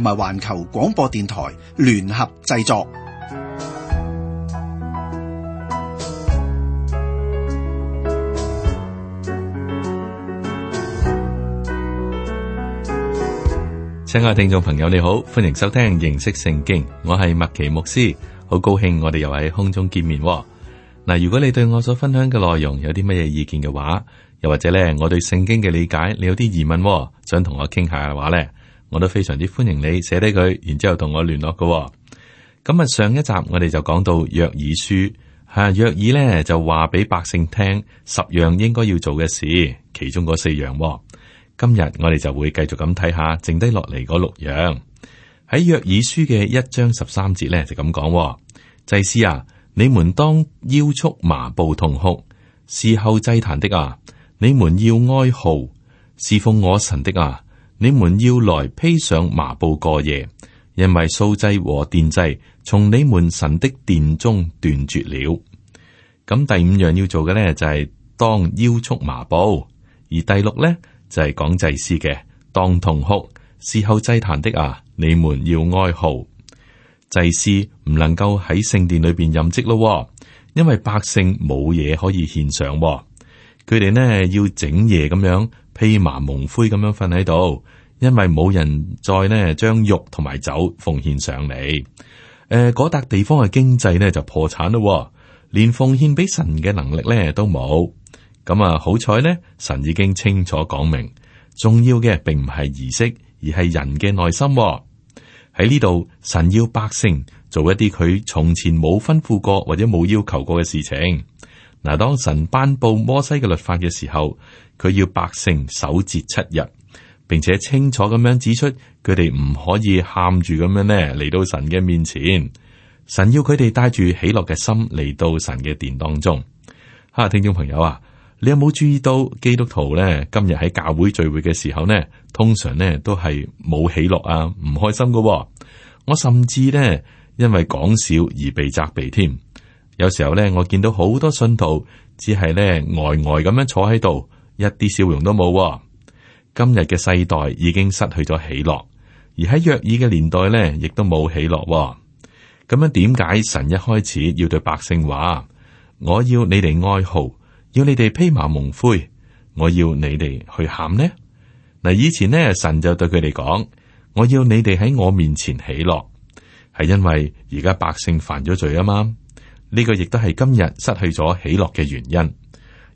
同埋環球廣播電台聯合製作。親愛的聽眾朋友，你好，歡迎收聽認識聖經，我係麥奇牧師，好高興我哋又喺空中見面。嗱，如果你對我所分享嘅內容有啲乜嘢意見嘅話，又或者咧我對聖經嘅理解你有啲疑問，想同我傾下嘅話咧。我都非常之歡迎你寫低佢，然之後同我聯絡嘅、哦。咁啊，上一集我哋就講到約珥書吓，約珥咧就話俾百姓聽十樣應該要做嘅事，其中嗰四樣、哦。今日我哋就會繼續咁睇下剩低落嚟嗰六樣。喺約珥書嘅一章十三節呢，就咁講、哦：祭司啊，你們當腰束麻布痛哭，侍候祭壇的啊，你們要哀號，侍奉我神的啊。你們要來披上麻布過夜，因為素祭和奠祭從你們神的殿中斷絕了。咁第五樣要做嘅咧，就係當腰束麻布，而第六咧就係、是、講祭司嘅當痛哭，侍候祭壇的啊，你們要哀號。祭司唔能夠喺聖殿裏邊任職咯，因為百姓冇嘢可以獻上，佢哋呢，要整夜咁樣。披麻蒙灰咁樣瞓喺度，因為冇人再呢將肉同埋酒奉獻上嚟。誒，嗰笪地方嘅經濟呢就破產咯，連奉獻俾神嘅能力呢都冇。咁啊，好彩呢，神已經清楚講明，重要嘅並唔係儀式，而係人嘅內心啊。喺呢度，神要百姓做一啲佢從前冇吩咐過或者冇要求過嘅事情。嗱，當神頒布摩西嘅律法嘅時候，佢要百姓守節七日，並且清楚咁樣指出佢哋唔可以喊住咁樣咧嚟，到神嘅面前。神要佢哋帶住喜樂嘅心嚟到神嘅殿當中。哈，聽眾朋友啊，你有冇注意到基督徒咧今日喺教會聚會嘅時候呢，通常呢都係冇喜樂啊，唔開心噶、哦。我甚至呢因為講笑而被責備添。有時候咧，我見到好多信徒只係咧呆呆咁樣坐喺度，一啲笑容都冇。今日嘅世代已經失去咗喜樂，而喺約珥嘅年代咧，亦都冇喜樂。咁樣點解神一開始要對百姓話，我要你哋哀嚎，要你哋披麻蒙灰，我要你哋去喊呢？嗱，以前呢，神就對佢哋講，我要你哋喺我面前喜樂，係因為而家百姓犯咗罪啊嘛。呢個亦都係今日失去咗喜樂嘅原因，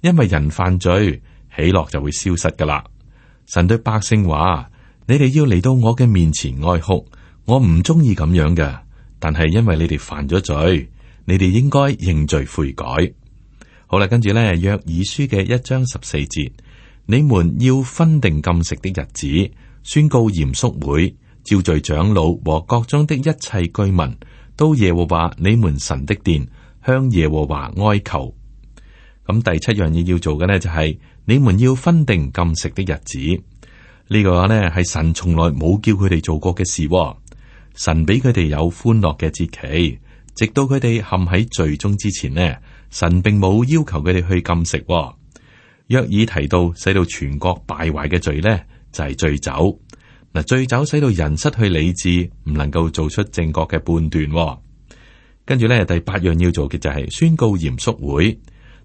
因為人犯罪，喜樂就會消失噶啦。神對百姓話：你哋要嚟到我嘅面前哀哭，我唔中意咁樣嘅。但係因為你哋犯咗罪，你哋應該認罪悔改。好啦，跟住呢，約珥書嘅一章十四節，你們要分定禁食的日子，宣告嚴肅會、招聚長老和各中的一切居民，到耶和華你們神的殿，向耶和華哀求。咁第七樣嘢要做嘅呢，就係，你們要分定禁食的日子。呢個呢，係神從來冇叫佢哋做過嘅事。神俾佢哋有歡樂嘅節期，直到佢哋陷喺罪中之前呢，神並冇要求佢哋去禁食。約珥提到使到全國敗壞嘅罪呢，就係醉酒。嗱，醉酒使到人失去理智，唔能夠做出正確嘅判斷。跟住咧，第八樣要做嘅就係宣告嚴肅會。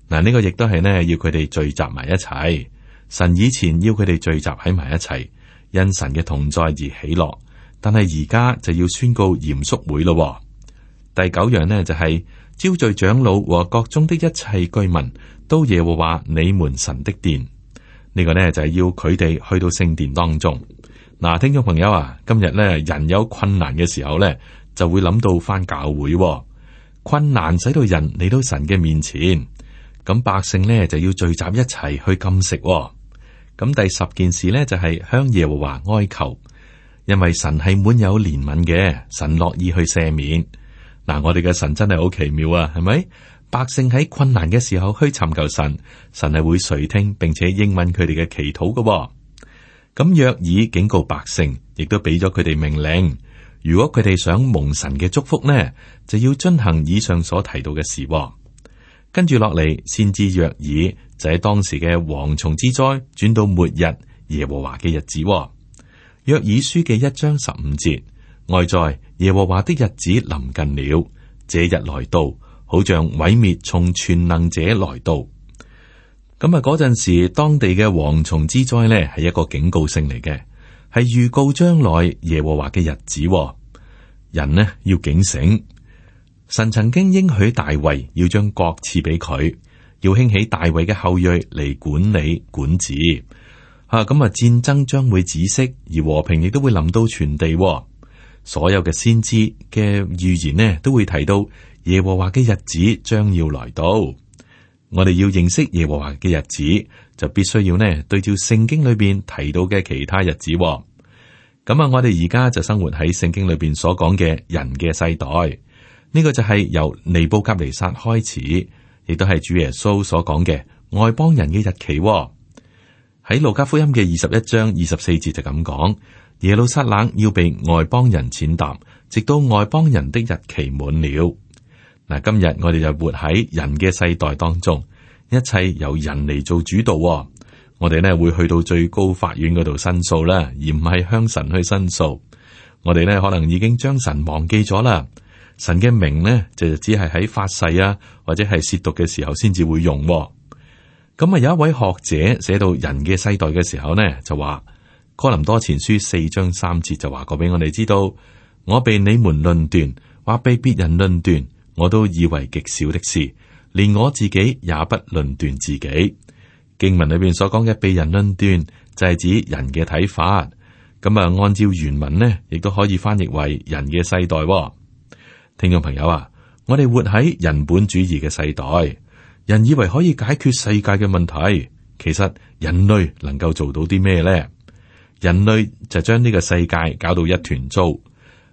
嗱，呢、這個亦都係呢，要佢哋聚集埋一齊。神以前要佢哋聚集喺埋一齊，因神嘅同在而喜樂。但係而家就要宣告嚴肅會咯。第九樣呢，就係、是、招聚長老和各中的一切居民，都耶和華你們神的殿。呢、這個呢，就係、是、要佢哋去到聖殿當中。嗱，聽眾朋友啊，今日呢，人有困難嘅時候呢，就會諗到返教會喎。困難使到人嚟到神嘅面前，咁百姓呢，就要聚集一齊去禁食、哦。咁第十件事呢就係、是、向耶和華哀求，因為神係滿有憐憫嘅，神樂意去赦免。嗱，我哋嘅神真係好奇妙啊，係咪？百姓喺困難嘅時候去尋求神，神係會垂聽，並且應允佢哋嘅祈禱嘅、哦。咁約珥警告百姓，亦都俾咗佢哋命令。如果佢哋想蒙神嘅祝福呢，就要遵行以上所提到嘅事、哦。跟住落嚟，先知約珥就喺當時嘅蝗蟲之災，轉到末日耶和華嘅日子、哦。約珥書嘅一章十五節，外在耶和華的日子臨近了，這日來到，好像毀滅從全能者來到。咁啊嗰陣時，當地嘅蝗蟲之災呢，係一個警告性嚟嘅，係預告將來耶和華嘅日子、哦。人呢，要警醒。神曾經應許大衛要將國賜俾佢，要興起大衛嘅後裔嚟管理管治。吓咁啊，戰爭將會止息，而和平亦都會臨到全地哦。所有嘅先知嘅預言呢，都會提到耶和華嘅日子將要來到。我哋要認識耶和華嘅日子，就必須要呢對照聖經裏邊提到嘅其他日子哦。咁啊！我哋而家就生活喺聖經裏邊所講嘅人嘅世代，呢個就係由尼布甲尼撒開始，亦都係主耶穌所講嘅外邦人嘅日期喎。喺路加福音嘅二十一章二十四節就咁講：耶路撒冷要被外邦人踐踏，直到外邦人的日期滿了。嗱，今日我哋就活喺人嘅世代當中，一切由人嚟做主導喎。我哋呢會去到最高法院嗰度申訴啦，而唔係向神去申訴。我哋呢可能已經將神忘記咗啦，神嘅名呢，就只係喺發誓啊，或者係褻瀆嘅時候先至會用。咁啊，有一位學者寫到人嘅世代嘅時候呢，就話哥林多前書四章三節就話過俾我哋知道，我被你們論斷，或被別人論斷，我都以為極小的事，連我自己也不論斷自己。經文裏邊所講嘅被人論斷，就係指人嘅睇法。咁啊，按照原文呢，亦都可以翻譯為人嘅世代。聽眾朋友啊，我哋活喺人本主義嘅世代，人以為可以解決世界嘅問題，其實人類能夠做到啲咩呢？人類就將呢個世界搞到一團糟。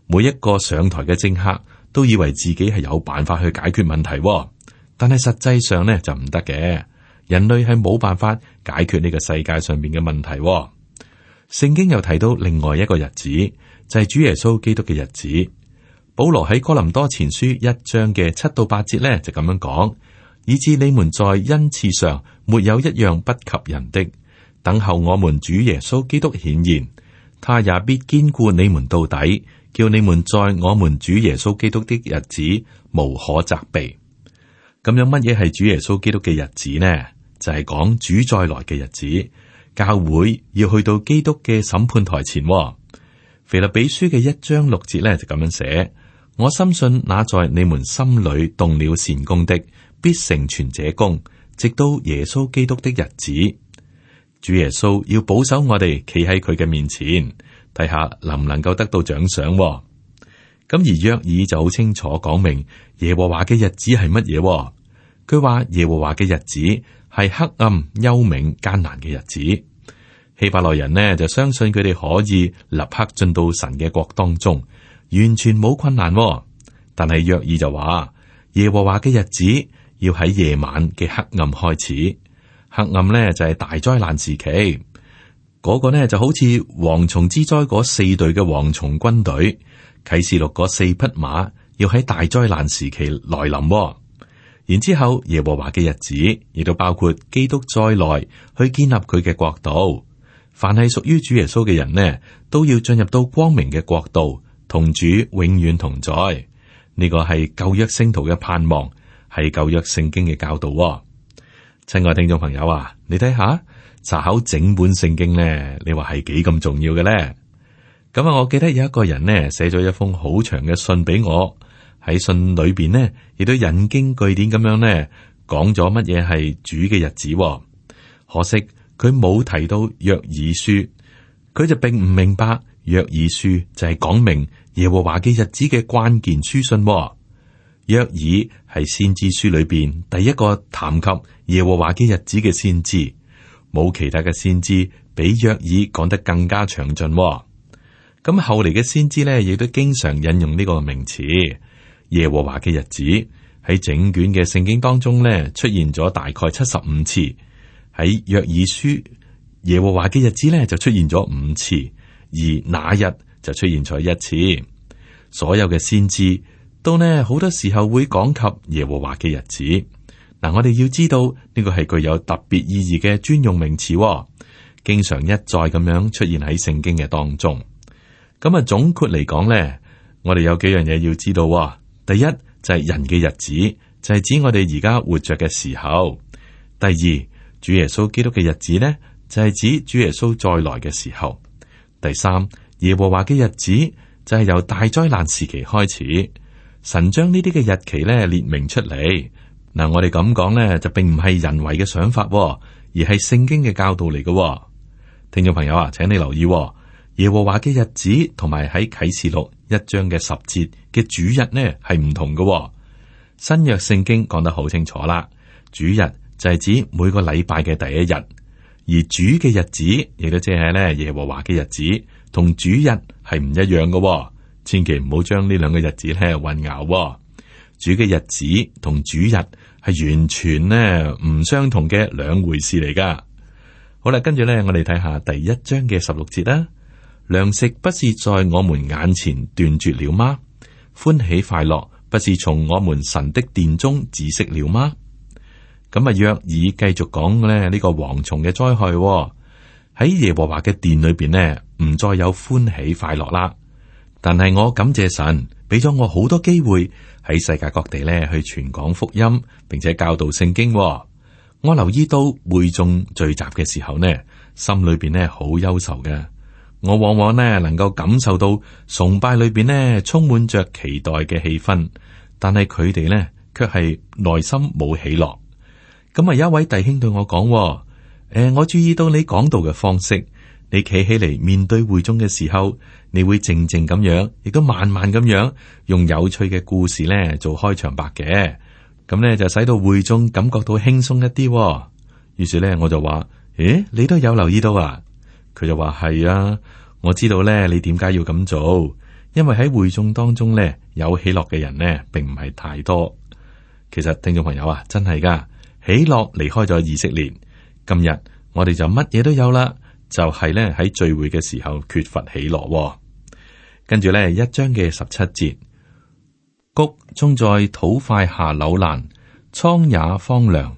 每一個上台嘅政客都以為自己係有辦法去解決問題，但係實際上呢，就唔得嘅。人類係冇辦法解決呢個世界上面嘅問題、哦。聖經又提到另外一個日子，就係、是、主耶穌基督嘅日子。保羅喺哥林多前書一章嘅七到八節呢，就咁樣講，以致你們在恩賜上沒有一樣不及人的。等候我們主耶穌基督顯現，他也必堅固你們到底，叫你們在我們主耶穌基督的日子無可責備。咁樣乜嘢係主耶穌基督嘅日子呢？就係、是、講主再來嘅日子，教會要去到基督嘅審判臺前、哦。腓立比書嘅一章六節咧就咁樣寫：我深信那在你們心裏動了善工的，必成全者工，直到耶穌基督的日子。主耶穌要保守我哋企喺佢嘅面前，睇下能唔能夠得到獎賞、哦。咁而約爾就好清楚講明耶和華嘅日子係乜嘢？佢話耶和華嘅日子係黑暗、幽冥、艱難嘅日子。希伯來人呢就相信佢哋可以立刻進到神嘅國當中，完全冇困難喎。但係約爾就話耶和華嘅日子要喺夜晚嘅黑暗開始，黑暗呢就係大災難時期。嗰個呢就好似蝗蟲之災嗰四隊嘅蝗蟲軍隊。啟示六嗰四匹馬，要喺大災難時期來臨。然之後耶和華嘅日子，亦都包括基督再來，去建立佢嘅國度。凡係屬於主耶穌嘅人呢，都要進入到光明嘅國度，同主永遠同在。呢、呢個係舊約聖徒嘅盼望，係舊約聖經嘅教導。親愛聽眾朋友啊，你睇下查考整本聖經呢？你話係幾咁重要嘅呢？咁啊！我記得有一個人呢寫咗一封好長嘅信畀我，喺信裏邊呢亦都引經據典咁樣呢講咗乜嘢係主嘅日子。可惜佢冇提到約珥書，佢就並唔明白約珥書就係講明耶和華嘅日子嘅關鍵書信。約珥係先知書裏邊第一個談及耶和華嘅日子嘅先知，冇其他嘅先知比約珥講得更加詳盡。咁後嚟嘅先知咧，亦都經常引用呢個名詞耶和華嘅日子，喺整卷嘅聖經當中咧出現咗大概七十五次。喺約珥書耶和華嘅日子咧就出現咗五次，而那日就出現咗一次。所有嘅先知都呢，好多時候會講及耶和華嘅日子。嗱，我哋要知道呢個係具有特別意義嘅專用名詞，經常一再咁樣出現喺聖經嘅當中。咁啊，總括嚟講咧，我哋有幾樣嘢要知道。第一就係人嘅日子，就係指我哋而家活着嘅時候；第二，主耶穌基督嘅日子咧，就係指主耶穌再來嘅時候；第三，耶和華嘅日子就係由大災難時期開始。神將呢啲嘅日期咧列明出嚟。嗱，我哋咁講咧，就並唔係人為嘅想法，而係聖經嘅教導嚟嘅。聽眾朋友啊，請你留意。耶和華嘅日子，同埋喺啟示錄一章嘅十節嘅主日呢，係唔同嘅喎。新約聖經講得好清楚啦，主日就係指每個禮拜嘅第一日，而主嘅日子亦都即係呢，耶和華嘅日子，同主日係唔一樣嘅喎。千祈唔好將呢兩個日子呢混淆喎。主嘅日子同主日係完全呢唔相同嘅兩回事嚟噶。好啦，跟住呢，我哋睇下第一章嘅十六節啦。糧食不是在我們眼前斷絕了嗎？歡喜快樂不是從我們神的殿中止息了嗎？咁啊，約珥繼續講咧呢個蝗蟲嘅災害喺耶和華嘅殿裏邊呢，唔再有歡喜快樂啦。但係我感謝神俾咗我好多機會喺世界各地呢去傳講福音，並且教導聖經。我留意到會眾聚集嘅時候呢，心裏邊呢好憂愁嘅。我往往呢能夠感受到崇拜裏邊呢充滿着期待嘅氣氛，但係佢哋呢卻係內心冇喜樂。咁啊，有一位弟兄對我講、哦：，誒、呃，我注意到你講道嘅方式，你企起嚟面對會眾嘅時候，你會靜靜咁樣，亦都慢慢咁樣，用有趣嘅故事呢做開場白嘅。咁呢就使到會眾感覺到輕鬆一啲、哦。於是呢，我就話：，誒，你都有留意到啊？佢就話係啊，我知道咧，你點解要咁做？因為喺會眾當中咧，有喜樂嘅人咧，並唔係太多。其實聽眾朋友啊，真係噶喜樂離開咗以色列。今日我哋就乜嘢都有啦，就係咧喺聚會嘅時候缺乏喜樂。跟住咧，一章嘅十七節，穀種在土塊下朽爛，倉也荒涼，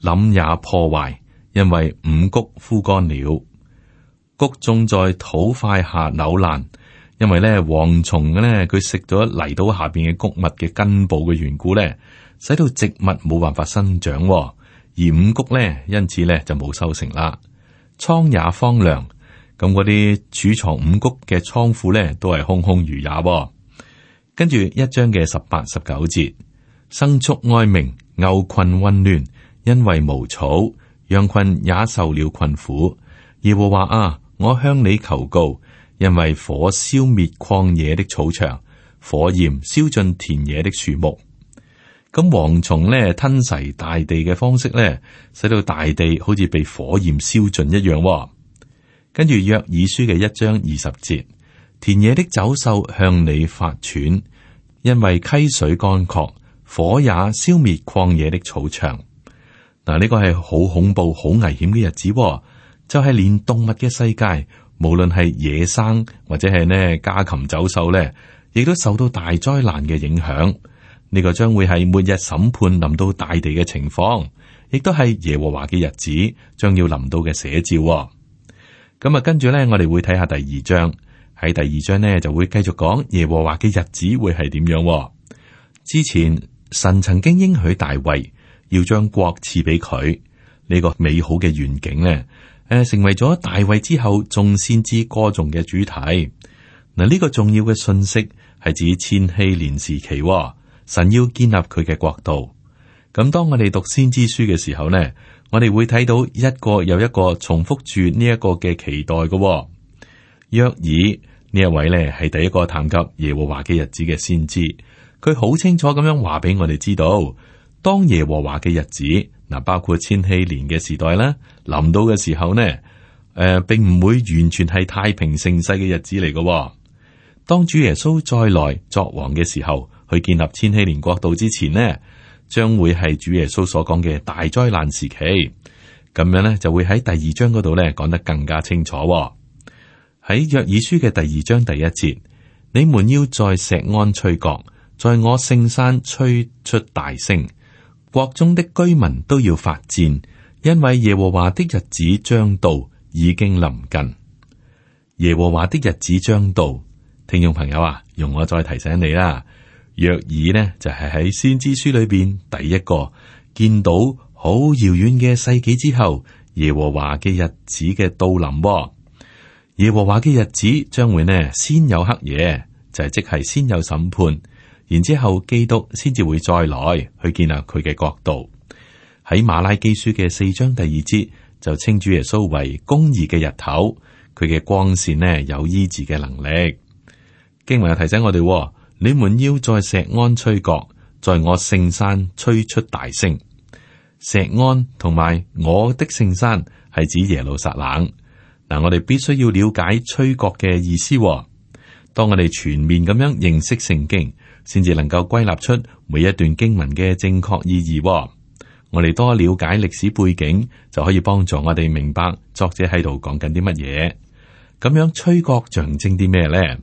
廩也破壞，因為五穀枯乾了。穀種在土塊下扭爛，因為咧蝗蟲咧佢食咗泥土下邊嘅穀物嘅根部嘅緣故咧，使到植物冇辦法生長，哦，而五穀咧因此咧就冇收成啦。倉也荒涼，咁嗰啲儲藏五穀嘅倉庫咧都係空空如也，哦。跟住一章嘅十八十九節，牲畜哀鳴，牛群混亂，因為無草，羊群也受了困苦。而我話啊。我向你求告，因為火燒滅曠野的草場，火焰燒盡田野的樹木。咁蝗蟲呢吞噬大地嘅方式呢，使到大地好似被火焰燒盡一樣。跟住約珥書嘅一章二十節，田野的走獸向你發喘，因為溪水乾涸，火也消滅曠野的草場。嗱，呢個係好恐怖、好危險嘅日子。就係連動物嘅世界，無論係野生或者係呢家禽走獸咧，亦都受到大災難嘅影響。呢個將會係末日審判臨到大地嘅情況，亦都係耶和華嘅日子將要臨到嘅寫照。咁啊，跟住咧，我哋會睇下第二章，喺第二章呢，就會繼續講耶和華嘅日子會係點樣。之前神曾經應許大衛要將國賜俾佢呢個美好嘅願景呢。誒，成為咗大衛之後，眾先知歌頌嘅主題。嗱，呢個重要嘅信息係指千禧年時期，哦，神要建立佢嘅國度。咁當我哋讀先知書嘅時候呢，我哋會睇到一個又一個重複住呢一個嘅期待嘅，哦。約珥呢一位呢係第一個談及耶和華嘅日子嘅先知，佢好清楚咁樣話俾我哋知道，當耶和華嘅日子嗱，包括千禧年嘅時代啦。臨到嘅時候呢，誒、呃，並唔會完全係太平盛世嘅日子嚟嘅。哦。當主耶穌再來作王嘅時候，去建立千禧年國度之前呢，將會係主耶穌所講嘅大災難時期。咁樣呢，就會喺第二章嗰度呢講得更加清楚。哦。喺約珥書嘅第二章第一節，你們要在石安吹角，在我聖山吹出大聲，國中的居民都要發戰。因為耶和華的日子將到，已經臨近。耶和華的日子將到，聽眾朋友啊，容我再提醒你啦。約珥呢就係、是、喺先知書裏邊第一個見到好遙遠嘅世紀之後，耶和華嘅日子嘅到臨。耶和華嘅日子將會呢先有黑夜，就係即係先有審判，然之後基督先至會再來去建立佢嘅國度。喺馬拉基書嘅四章第二節就稱主耶穌為公義嘅日頭，佢嘅光綫呢有醫治嘅能力。經文又提醒我哋：你們要在錫安吹角，在我聖山吹出大聲。錫安同埋我的聖山係指耶路撒冷。嗱，我哋必須要了解吹角嘅意思。當我哋全面咁樣認識聖經，先至能夠歸納出每一段經文嘅正確意義。我哋多了解歷史背景，就可以幫助我哋明白作者喺度講緊啲乜嘢。咁樣吹角象徵啲咩呢？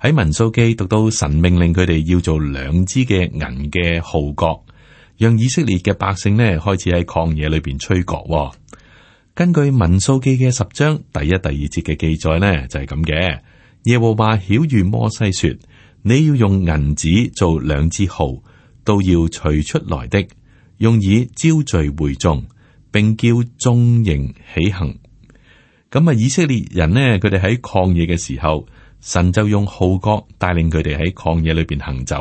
喺民數記讀到神命令佢哋要做兩支嘅銀嘅號角，讓以色列嘅百姓呢開始喺曠野裏邊吹角。根據民數記嘅十章第一、第二節嘅記載呢，就係咁嘅。耶和華曉諭摩西說：你要用銀子做兩支號，都要吹出來的。用以招聚會眾，並叫眾營起行。咁啊，以色列人呢，佢哋喺曠野嘅時候，神就用號角帶領佢哋喺曠野裏邊行走。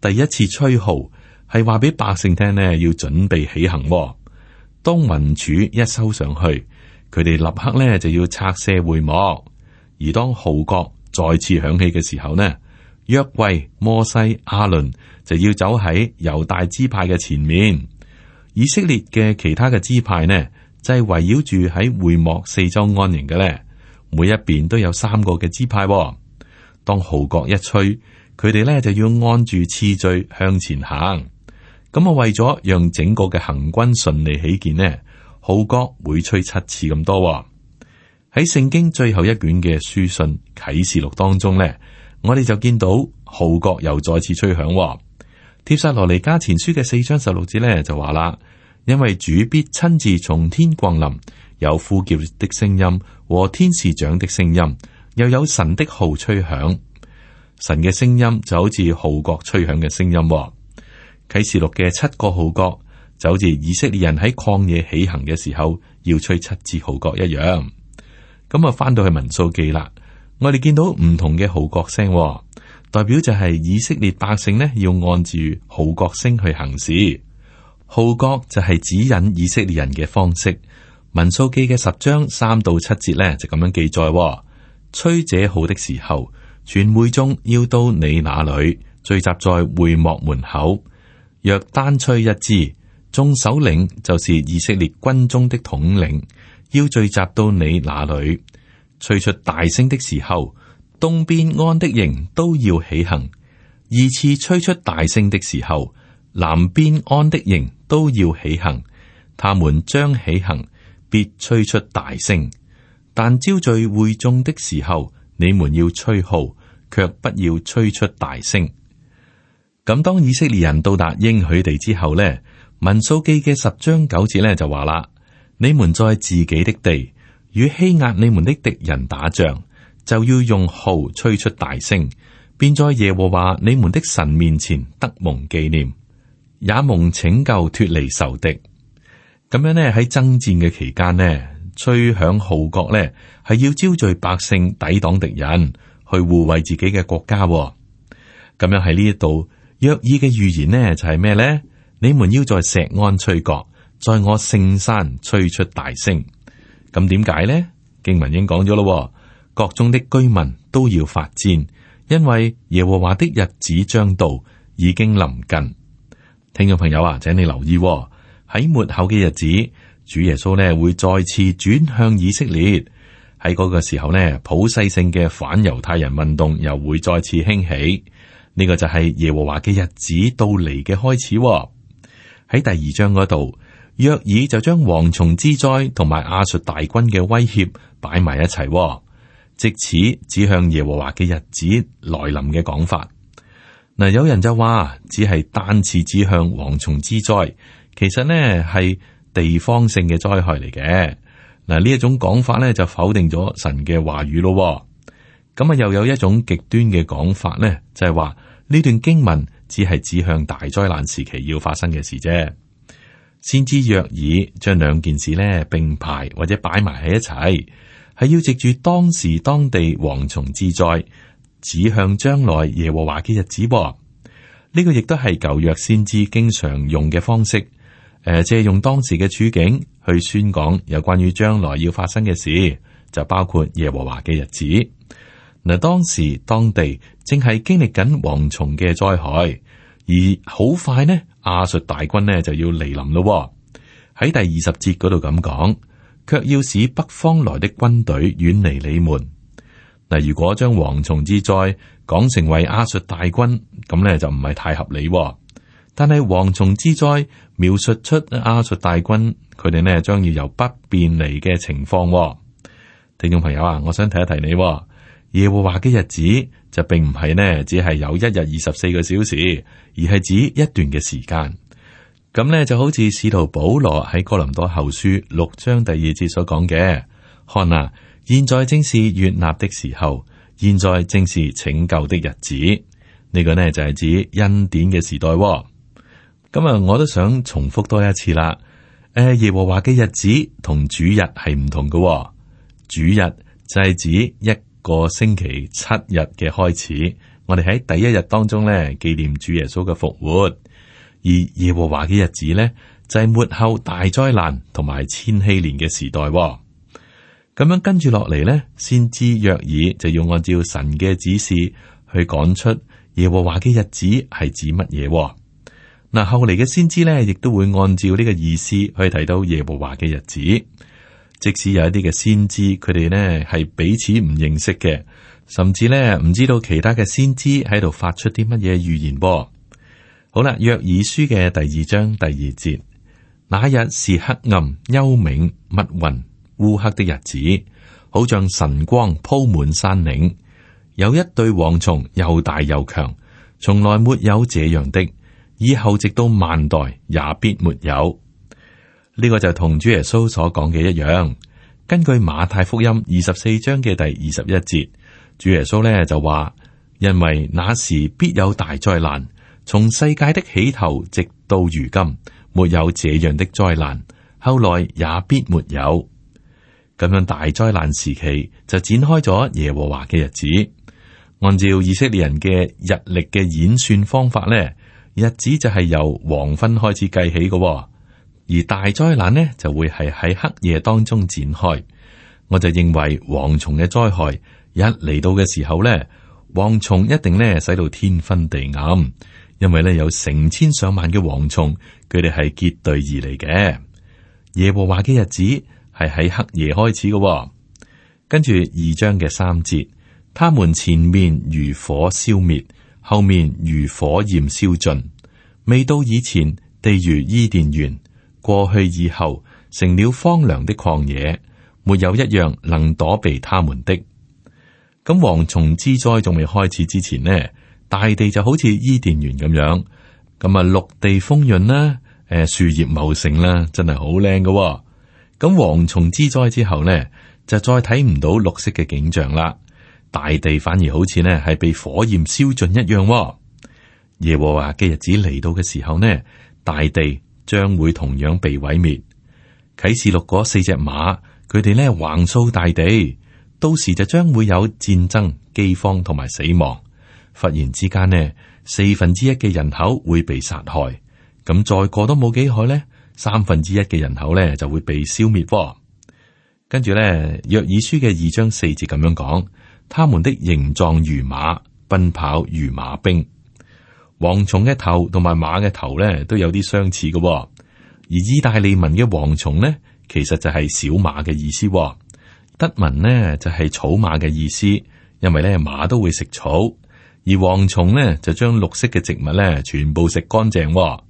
第一次吹號係話俾百姓聽呢，要準備起行。當雲柱一收上去，佢哋立刻呢就要拆卸會幕。而當號角再次響起嘅時候呢？約櫃、摩西、阿倫就要走喺猶大支派嘅前面，以色列嘅其他嘅支派呢，就係、是、圍繞住喺會幕四周安營嘅咧。每一邊都有三個嘅支派、哦。當號角一吹，佢哋咧就要按住次序向前行。咁啊，為咗讓整個嘅行軍順利起見呢，號角每吹七次咁多、哦。喺聖經最後一卷嘅書信啟示錄當中咧。我哋就見到號角又再次吹響、哦，帖撒羅尼加前書嘅四章十六節咧就話啦，因為主必親自從天降臨，有呼叫的聲音和天使長的聲音，又有神的號吹響，神嘅聲音就好似號角吹響嘅聲音、哦。啟示錄嘅七個號角，就好似以色列人喺曠野起行嘅時候要吹七支號角一樣。咁啊，翻到去民數記啦。我哋見到唔同嘅號角聲、哦，代表就係以色列百姓呢，要按住號角聲去行事。號角就係指引以色列人嘅方式。民數記嘅十章三到七節呢，就咁樣記載、哦：吹這號的時候，全會眾要到你那裏聚集在會幕門口；若單吹一支，眾首領就是以色列軍中的統領要聚集到你那裏。吹出大聲的時候，東邊安的營都要起行；二次吹出大聲的時候，南邊安的營都要起行。他們將起行，必吹出大聲。但招聚會眾的時候，你們要吹號，卻不要吹出大聲。咁當以色列人到達應許地之後呢，民數記嘅十章九節呢，就話啦：你們在自己的地。與欺壓你們的敵人打仗，就要用號吹出大聲，便在耶和華你們的神面前得蒙紀念，也蒙拯救脫離受敵。咁樣呢，喺爭戰嘅期間呢，吹響號角呢，係要招聚百姓抵擋敵人，去護衛自己嘅國家。咁樣喺呢一度，約珥嘅預言呢，就係、是、咩呢？「你們要在錫安吹角，在我聖山吹出大聲。咁點解呢？經文已經講咗咯，國中的居民都要發顫，因為耶和華的日子將到，已經臨近。聽眾朋友啊，請你留意喺末後嘅日子，主耶穌呢會再次轉向以色列。喺嗰個時候呢，普世性嘅反猶太人運動又會再次興起。呢個就係耶和華嘅日子到嚟嘅開始。喺第二章嗰度。約珥就將蝗蟲之災同埋亞述大軍嘅威脅擺埋一齊，借此指向耶和華嘅日子來臨嘅講法。嗱，有人就話只係單次指向蝗蟲之災，其實呢係地方性嘅災害嚟嘅。嗱，呢一種講法呢就否定咗神嘅話語咯。咁啊，又有一種極端嘅講法呢，就係話呢段經文只係指向大災難時期要發生嘅事啫。先知約珥將兩件事呢並排或者擺埋喺一齊，係要藉住當時當地蝗蟲之災，指向將來耶和華嘅日子。噃，呢個亦都係舊約先知經常用嘅方式，誒、呃，借用當時嘅處境去宣講有關於將來要發生嘅事，就包括耶和華嘅日子。嗱、呃，當時當地正係經歷緊蝗蟲嘅災害，而好快呢？亞述大軍呢就要來臨咯，喺第二十節嗰度咁講，卻要使北方來的軍隊遠離你們。嗱，如果將蝗蟲之災講成為亞述大軍，咁呢，就唔係太合理。但係蝗蟲之災描述出亞述大軍，佢哋呢將要由北邊嚟嘅情況。聽眾朋友啊，我想提一提你耶和華嘅日子。就並唔係呢，只係有一日二十四個小時，而係指一段嘅時間。咁呢就好似使徒保羅喺哥林多後書六章第二節所講嘅，看啊，現在正是悅納的時候，現在正是拯救的日子。呢、這個呢，就係、是、指恩典嘅時代、哦。咁啊，我都想重複多一次啦。誒、呃，耶和華嘅日子同主日係唔同嘅、哦，主日就係指一。個星期七日嘅開始，我哋喺第一日當中咧，紀念主耶穌嘅復活，而耶和華嘅日子咧就係、是、末後大災難同埋千禧年嘅時代、哦。咁樣跟住落嚟咧，先知約珥就要按照神嘅指示去講出耶和華嘅日子係指乜嘢。嗱，後嚟嘅先知咧亦都會按照呢個意思去提到耶和華嘅日子。即使有一啲嘅先知，佢哋呢，係彼此唔認識嘅，甚至呢唔知道其他嘅先知喺度發出啲乜嘢預言噃。好啦，《約珥書》嘅第二章第二節，那一日是黑暗、幽冥、密雲、烏黑的日子，好像晨光鋪滿山嶺。有一對蝗蟲又大又強，從來沒有這樣的，以後直到萬代也必沒有。呢個就同主耶穌所講嘅一樣，根據馬太福音二十四章嘅第二十一節，主耶穌呢就話：因為那時必有大災難，從世界的起頭直到如今，沒有這樣的災難，後來也必沒有。咁樣大災難時期就展開咗耶和華嘅日子，按照以色列人嘅日曆嘅演算方法呢，日子就係由黃昏開始計起嘅。而大災難呢，就會係喺黑夜當中展開。我就認為蝗蟲嘅災害一嚟到嘅時候呢，蝗蟲一定呢使到天昏地暗，因為呢有成千上萬嘅蝗蟲，佢哋係結隊而嚟嘅。耶和華嘅日子係喺黑夜開始嘅。哦，跟住二章嘅三節，他們前面如火燒滅，後面如火焰燒盡，未到以前，地如伊甸園。過去以後，成了荒涼的曠野，沒有一樣能躲避他們的。咁蝗蟲之災仲未開始之前呢，大地就好似伊甸園咁樣，咁啊，綠地豐潤啦，誒，樹葉茂盛啦，真係好靚噶。咁蝗蟲之災之後呢，就再睇唔到綠色嘅景象啦，大地反而好似呢係被火焰燒盡一樣。耶和華嘅日子嚟到嘅時候呢，大地。將會同樣被毀滅。啟示錄嗰四隻馬，佢哋咧橫掃大地，到時就將會有戰爭、饑荒同埋死亡。忽然之間呢，四分之一嘅人口會被殺害。咁再過都冇幾海呢，三分之一嘅人口呢就會被消滅喎。跟住呢，約珥書嘅二章四節咁樣講，他們的形狀如馬，奔跑如馬兵。蝗蟲嘅頭同埋馬嘅頭咧都有啲相似嘅。哦，而意大利文嘅蝗蟲咧其實就係小馬嘅意思。哦，德文咧就係、是、草馬嘅意思，因為咧馬都會食草，而蝗蟲咧就將綠色嘅植物咧全部食乾淨。哦，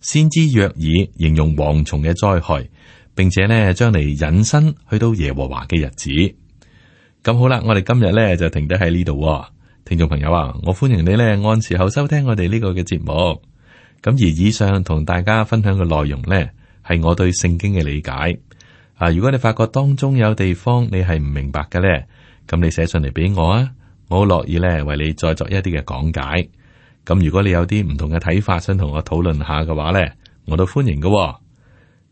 先知約珥形容蝗蟲嘅災害，並且咧將嚟引申去到耶和華嘅日子。咁好啦，我哋今日咧就停低喺呢度。聽眾朋友啊，我歡迎你咧按時候收聽我哋呢個嘅節目。咁而以上同大家分享嘅內容呢，係我對聖經嘅理解。啊，如果你發覺當中有地方你係唔明白嘅呢，咁你寫上嚟俾我啊，我好樂意咧為你再作一啲嘅講解。咁如果你有啲唔同嘅睇法，想同我討論下嘅話呢，我都歡迎嘅喎。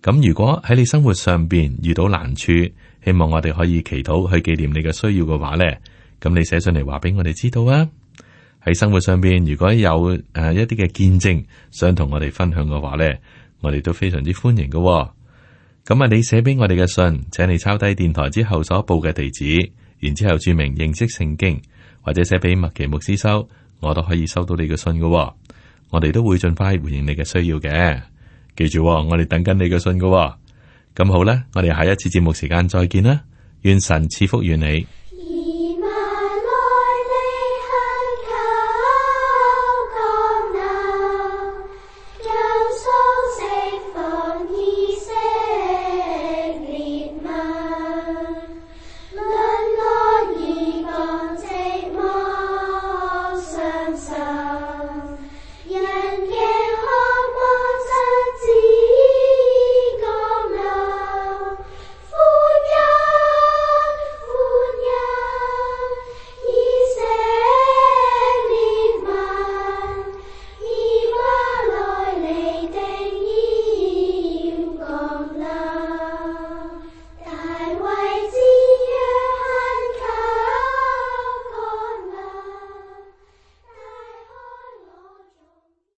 咁如果喺你生活上邊遇到難處，希望我哋可以祈禱去紀念你嘅需要嘅話呢。咁你寫信嚟，話俾我哋知道啊！喺生活上邊，如果有誒一啲嘅見證，想同我哋分享嘅話咧，我哋都非常之歡迎㗎喎。咁啊，你寫俾我哋嘅信，請你抄低電台之後所報嘅地址，然之後注明認識聖經，或者寫俾麥奇牧師收，我都可以收到你嘅信㗎喎。我哋都會盡快回應你嘅需要嘅。記住喎，我哋等緊你嘅信㗎喎。咁好啦，我哋下一次節目時間再見啦！願神賜福與你。